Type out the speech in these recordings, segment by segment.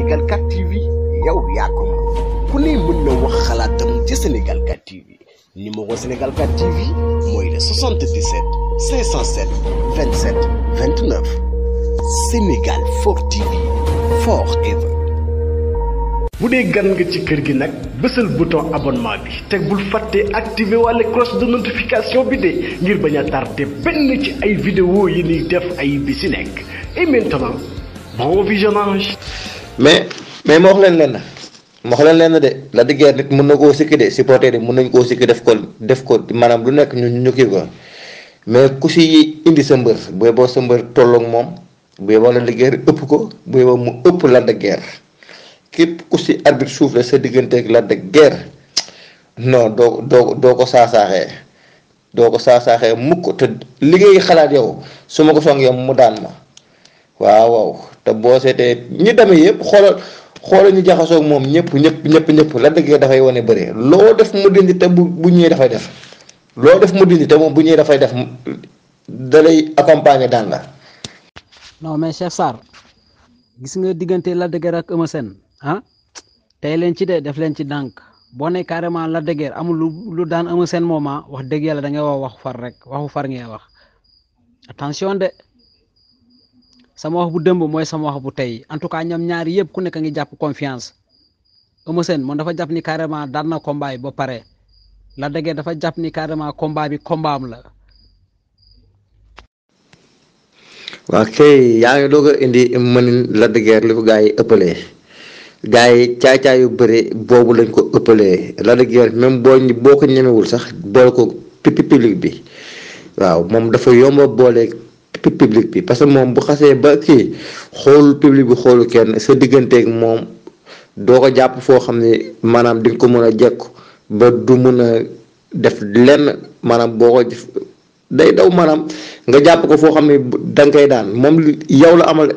Sénégal 4 TV yow yakum. ko ku mën na wax xalaatam ci Sénégal 4 TV numéro Sénégal 4 TV moy le 77 507 27 29 Sénégal 4 TV forever. Vous dee gan nga ci kër gi nag le bouton abonnement bi teg faites fàttee la cloche de notification bi ne ngir bañ a tardé benn ci ay vidéo yi ni def ay et maintenant bon visionnage mais mais ma wax leen leen na ma wax leen leen na de la diggéer nit mën na koo sikki de supporter yi mun nañ koo sikki def ko def ko maanaam lu nekk ñu ñu kii ko mais ku si indi sa mbër bu boo sa mbër tollook moom bu yeboo la diggéer ëpp ko bu yeboo mu ëpp la diggéer képp ku si arbitre suuf la sa digganteeg la diggéer non doo doo doo ko saasaaxee doo ko saasaaxee mukk te liggéey xalaat yow su ma ko song mu daan ma waaw waaw te boo seetee ñi demee yëpp xoolal xoolal ñu jaxasoog moom ñëpp ñëpp ñëpp ñëpp la dëgg dafay wane bëree loo def mu dindi te bu bu ñëwee dafay def loo def mu dindi te moom bu ñëwee dafay def da accompagner daan la. non mais Cheikh Sarr gis nga diggante Lac de Guiers ak Eumeu Sène ah tey leen ci de def leen ci dànk boo ne carrément Lac de amul lu lu daan Eumeu seen moment ah, wax dëgg yàlla da wax wax far rek waxu far ngay wax attention de. sama wax bu dëmb mooy sama wax bu tey en tout cas ñam ñaari yëpp ku nekk ngi jàpp confiance Eumeu Sène moom dafa jàpp ni carrément daan na combat yi ba pare Lac de dafa jàpp ni carrément combat bi combat la. waaw kay yaa ngi doog a indi mënin Lac de Guiers li ko gaa yi ëppalee gaa yi caay-caay yu bëri boobu lañ ko ëppalee Lac de Guiers même boo ko ñemewul sax boole ko public bi waaw moom dafa yomba boole. public bi parce que moom bu xasee ba kii xool public bi xoolu kenn sa digganteeg moom doo ko jàpp foo xam ne maanaam di nga ko mën a jekku ba du mën a def lenn maanaam boo ko day daw maanaam nga jàpp ko foo xam ne da koy daan moom yow la amal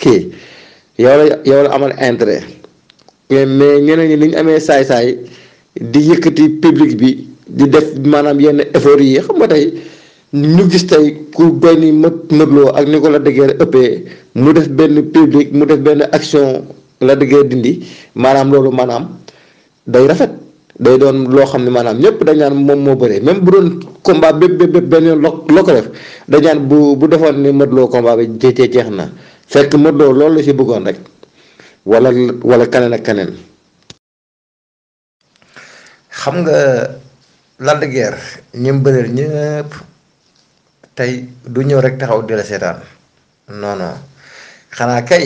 kii yow la yow la amal intérêt mais ñeneen ñi ni amee saay-saay di yëkkati public bi di def maanaam yenn effort yi xam nga tey. ñu gis tey ku doy ni Modou Lo ak ni ko Lac ëppee mu def benn public mu def benn action Lac de dindi maanaam loolu maanaam day rafet day doon loo xam ne maanaam ñëpp dañaan moom moo bëree même bu doon combat bépp benn yoon loo loo def dañ bu bu defoon ni Modou Lo combat bi jeex na fekk Modou Lo loolu la si bëggoon rek wala wala kaneen ak kaneen. xam nga Lac de Guiers ñi tey du ñëw rek taxaw di la seetaan non non xanaa kay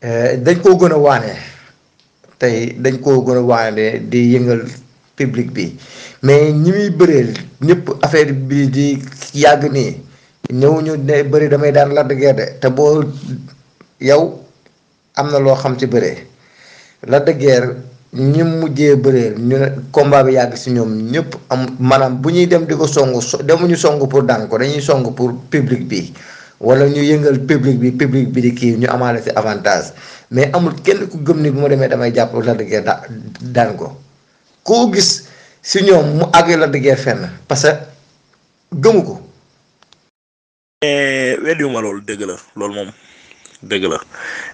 eh, dañ koo gën a waane tey dañ koo gën a waane di yëngal public bi mais ñi muy bëreel ñëpp affaire bi di yàgg nii ñëw ñu ne bëri damay daan Lac de de te boo yow am na loo xam ci bëri Lac de ñi mujjee bëreel ñu ne combat bi yàgg si ñoom ñëpp am maanaam bu ñuy dem di ko song so demuñu song pour daan ko dañuy song pour public bi wala ñu yëngal public bi public bi di kii ñu amaale si avantage mais amul kenn ku gëm ni bu ma demee damay jàpp Lac de Guiers daan ko koo gis si ñoom mu àgg Lac de fenn parce que gëmu ko. mais weddiwuma loolu dëgg la loolu moom dëgg la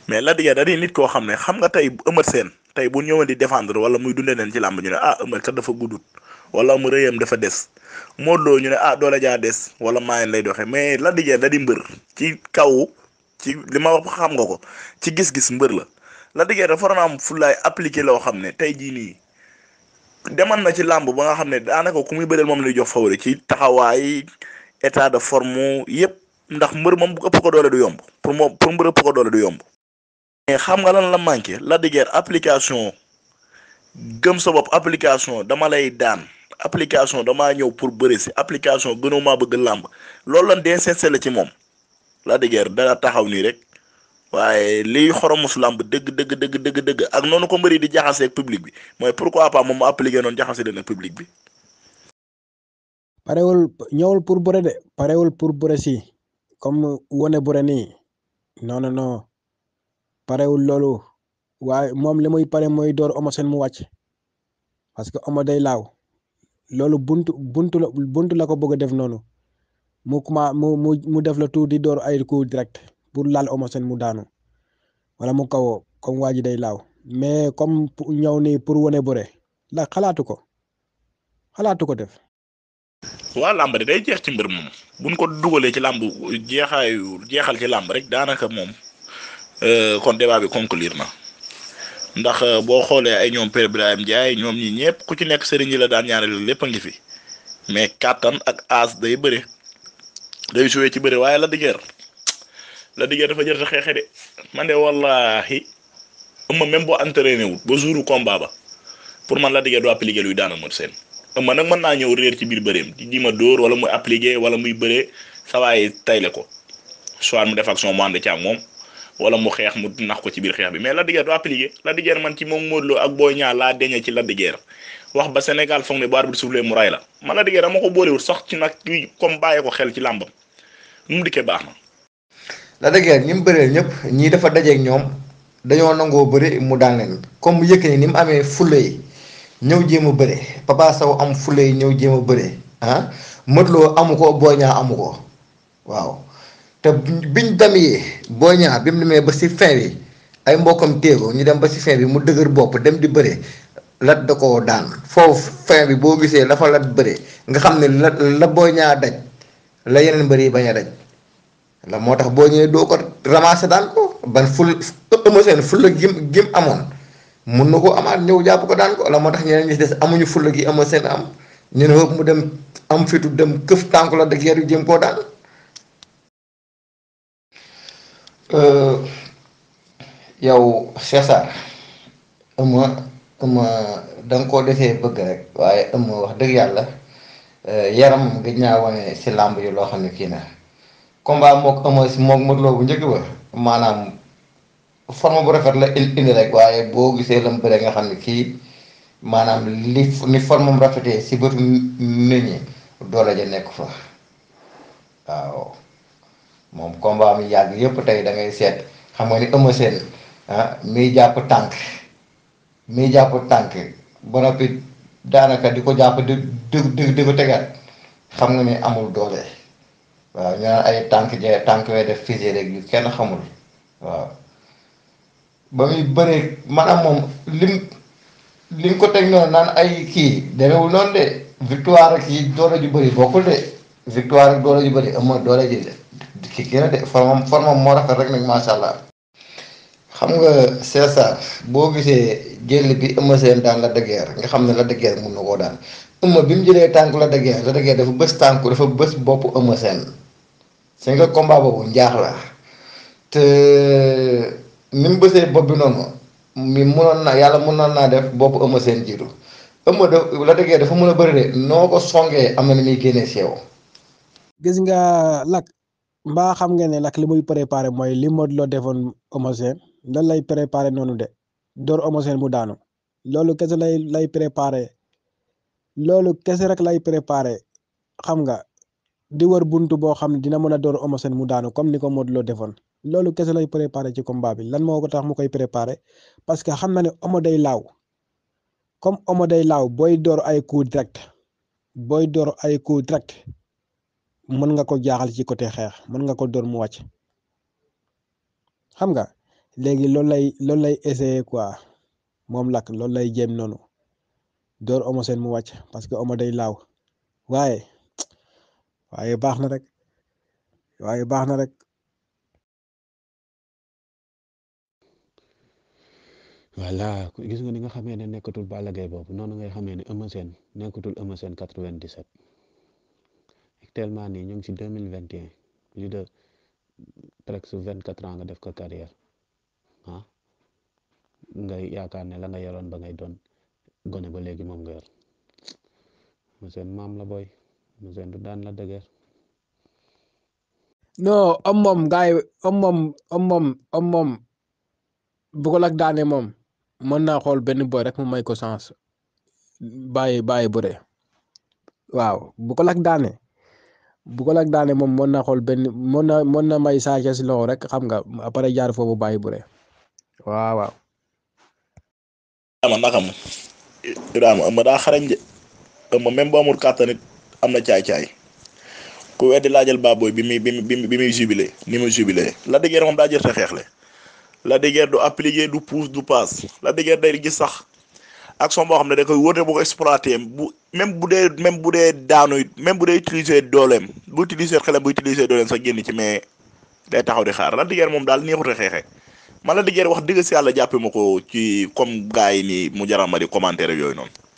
mais Lac de Guiers da nit koo xam ne xam nga tey bu Eumeu seen tay bu ñëwoon di défendre wala muy dundé neen ci lamb ñu né ah ëmbal kat dafa gudut wala mu reëyam dafa dess mo do ñu né ah la ja dess wala maayen lay doxé mais la di da di mbeur ci kaw ci lima wax xam nga ko ci gis-gis mbeur la la dijé da forna am fulay appliquer lo xamné tay ji ni demal na ci lamb ba nga xamné da naka ku muy bëdel mom lay jox fawré ci taxaway état de forme yépp ndax mbeur mom bu ëpp ko doole du yomb pour mo pour mbeur ëpp ko doole du yomb xam nga la manqué la application gëm sa application dama lay application de pour application gënoo bëgg lamb la ci la diguer dara taxaw ni rek li xoromus deug deug deug public bi pourquoi pas mom non public bi. pour de pour comme non non non. parewul loolu waaye moom li muy pare mooy door Eumeu Sène mu wàcc parce que Eumeu day laaw loolu buntu buntu la buntu la ko bëgg a def noonu mu commencé mu mu mu def la tout di door ay coup direct pour laal Eumeu mu daanu wala mu kawoo kom waa ji day laaw mais comme ñëw nii pour wone bëre la xalaatu ko xalaatu ko def. waa làmb de day jeex ci mbir moom buñ ko dugalee ci làmb jeexaayu jeexal ci làmb rek daanaka moom. Euh, kon débat bi conclure na ndax euh, boo xoolee ay ñoom Père Birahim jaay ñoom ñi ñëpp ku ci nekk sëriñ yi la daan ñaanal lépp a ngi fi mais kàttan ak aas day bëre day joué ci bëre waaye la diggeer la diggeer dafa jër sa xeexe de man de wallaahi ëmma même boo entraîné wul ba jouru combat ba pour man la diggeer du appliqué luy daana mën seen ëmma nag mën naa ñëw réer ci biir bëreem di ma dóor wala muy appliqué wala muy bëree sa waaye tayle ko soit mu def ak son mu moom wala mu xeex mu nax ko ci biir xeex bi mais la de Guiers du appliqué Lac de man ci moom Modou loo ak Boy Niang laa deñe ci Lac de Guiers wax ba Sénégal foog ne bu arbitre soufflé mu ray la man Lac de Guiers dama ko boolewul sax ci nag comme bàyyee ko xel ci làmbam nu mu baax na. Lac de ñi mu bëreel ñëpp ñii dafa dajeeg ñoom dañoo nangoo bëri mu daan leen comme Yékini ni mu amee fulla ñëw jéem a bëre Papa am fulla yi ñëw jéem a bëre ah Modou ko Boy amu ko waaw. te biñ demee boo ñaa bi mu demee ba si fin bi ay mbokkam téego ñu dem ba si fin bi mu dëgër bopp dem di bëre lat da koo daan foofu fin bi boo gisee dafa lat bëre nga xam ne la la boo ñaa daj la yeneen mbër yi bañ a daj la moo tax boo ñëwee doo ko ramassé daan ko ban ful ëmb seen fulla gim gim amoon mun na ko amaat ñëw jàpp ko daan ko la moo tax ñeneen ñi des amuñu fulla gi ëmb seen am ñu ne mu dem am fitu dem këf tànku la de guerre yu jëm koo daan. Euh, yow César ëmma ëmma da nga koo desee bëgg rek waaye ëmma wax dëgg yàlla euh, yaram gëj naa wane si làmb yi loo xam ne kii na combat mook ëmma si mook Modou Lo bu njëkk ba maanaam forme bu rafet la indi rek waaye boo gisee lam bëre nga xam ne kii maanaam li ni forme mu rafetee si bëtu nit ñi doole ja nekk fa waaw moom combat mi yàgg yëpp tey dangay ngay seet xam nga ni Eumeu Sène ah miy jàpp tànk miy jàpp tànk ba noppi daanaka di ko jàpp di di di ko tegaat xam nga ni amul doole waaw ñu ay tànk jee tànk yooyu def fusée rek yu kenn xamul waaw ba muy bëree maanaam moom lim lim ko teg noonu naan ay kii demewul noonu de victoire ak yi doole ju bëri bokkul de. victoire ak doole ju bëri am mooy doole ji ki gën a de formam formam moo rafet rek nag macha allah xam nga César boo gisee jël bi Eumeu seen daan la de Guiers nga xam ne la de Guiers mun na koo daan Eumeu bi jëlee tànku Lac de Guiers Lac de dafa bës tànku dafa bës boppu Eumeu Sène c'est nga combat boobu njaax la te ni mu bësee bopp bi noonu mi munoon naa yàlla munoon naa def boppu Eumeu seen jiitu Eumeu daf Lac de Guiers dafa mën a bëri de noo ko songee am na ni muy génnee si yow gis nga lak mbaa xam nga ne lak li muy préparé mooy li Modou Lo defoon homogène loolu lay préparé noonu de door homogène mu daanu loolu kese lay lay préparé loolu kese rek lay préparé xam nga di wër buntu boo xam ne dina mën a door homogène mu daanu comme ni ko Modou Lo defoon loolu kese lay préparé ci combat bi lan moo ko tax mu koy préparé parce que xam na ne homo day laaw comme homo day laaw booy door ay coup direct booy door ay coup direct mën nga ko jaaxal ci côté xeex mën nga ko door mu wàcc xam nga léegi loolu lay loolu lay essayer quoi moom lakk loolu lay jéem noonu door Eumeu seen mu wàcc parce que Eumeu day laaw waaye waaye baax na rek waaye baax na rek. voilà gis nga ni nga xamee ne nekkatul Balla Gaye boobu noonu ngay xamee ne Eumeu Sène nekkatul Eumeu Sène 97. actuellement nii ñu ngi si deux mille vingt et un plus de vingt quatre ans nga def ko carrière ah. nga yaakaar ne la nga yoroon ba ngay doon gone ba léegi moom nga yor Ouzin maam la booy Ouzin du daan la dëgër. non am moom gars yi am moom moom am moom bu ko lak daane moom mën naa xool benn boy rek mu may ko sens bàyyi bàyyi bëre waaw bu ko lak daane. bu ko Lac ne moom mën na xool benn mën na mën na may Sa Thiès loxo rek xam nga après jaar foofu bàyyi bu ree waaw waaw. Ibrahima naka am daa xarañ de am même bu amul kàttan am na caay-caay ku weddi laajal baabooy bi muy bi muy bi muy jubilé ni muy jubilé la dëgër moom daa jër xeex xeexle la dëgër du appliquer du pousse du passe la dëgër day gis sax. action boo xam ne da koy wóote bu ko exploité bu même bu dee même bu dee daanu même bu dee utiliser dooleem bu utiliser xelam bu utiliser dooleem sax génn ci mais day taxaw di xaar Lac de Guiers moom daal neexut a xeexee man Lac de Guiers wax dëgg si yàlla jàppee ma ko ci comme gars yi nii mu jaral ma di commentaire yooyu noonu.